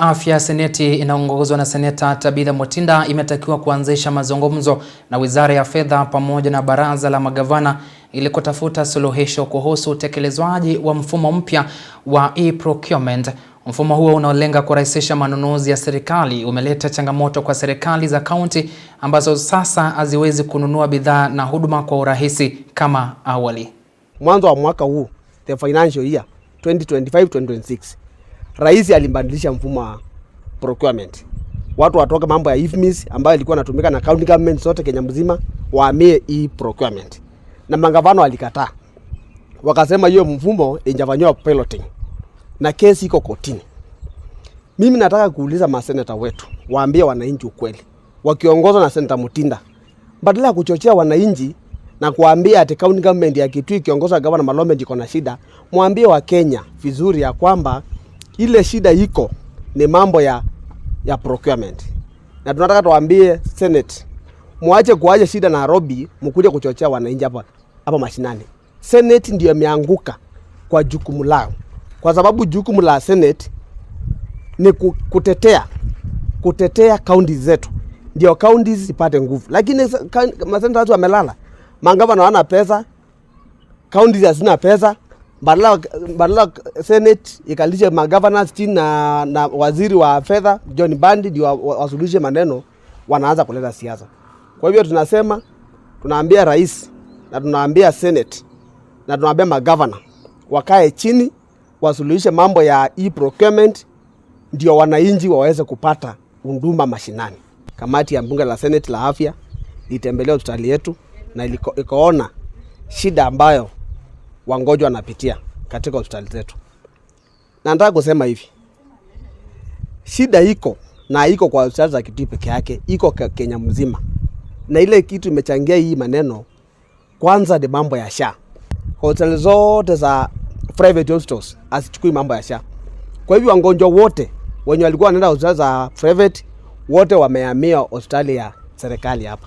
ya afya seneti inaongozwa na seneta Tabitha Mutinda imetakiwa kuanzisha mazungumzo na wizara ya fedha pamoja na baraza la magavana ili kutafuta suluhisho kuhusu utekelezwaji wa mfumo mpya wa e-procurement. Mfumo huo unaolenga kurahisisha manunuzi ya serikali umeleta changamoto kwa serikali za kaunti ambazo sasa haziwezi kununua bidhaa na huduma kwa urahisi kama awali. Mwanzo wa mwaka huu the financial year 2025 2026 rais alibadilisha mfumo wa procurement, watu watoke mambo ya IFMIS ambayo ilikuwa inatumika na county government zote Kenya mzima, waamie e procurement, na magavana walikataa, wakasema hiyo mfumo injafanywa piloting na kesi iko kotini. Mimi nataka kuuliza maseneta wetu waambie wananchi ukweli, wakiongozwa na Senator Mutinda, badala ya kuchochea wananchi na kuambia ati county government ya Kitui ikiongozwa na gavana Malombe iko na shida, mwambie wa Kenya vizuri ya kwamba ile shida iko ni mambo ya, ya procurement, na tunataka tuambie Senate muache kuacha shida Nairobi, mkuje kuchochea wananchi hapa hapa mashinani. Senate ndio imeanguka kwa jukumu lao, kwa sababu jukumu la Senate ni kutetea kutetea kaunti zetu, ndio kaunti zipate nguvu, lakini maseneta wetu wamelala, magavana hawana pesa, kaunti hazina pesa badala Senate ikalishe magovernors chini na, na waziri wa fedha John Bandi ndio wasuluhishe maneno, wanaanza kuleta siasa. Kwa hivyo tunasema, tunaambia rais na tunaambia Senate na tunaambia magavana wakae chini wasuluhishe mambo ya e-procurement ndio wananchi waweze kupata unduma mashinani. Kamati ya bunge la Senate la afya ilitembelea hospitali yetu na ilikoona shida ambayo wagonjwa wanapitia katika hospitali zetu. Na nataka kusema hivi, shida iko na iko kwa hospitali za Kitui peke yake, iko Kenya mzima, na ile kitu imechangia hii maneno. Kwanza ni mambo ya SHA. Hospitali zote za private hospitals asichukui mambo ya SHA. Kwa hivyo wagonjwa wote wenye walikuwa wanaenda hospitali za private wote wamehamia hospitali ya serikali hapa.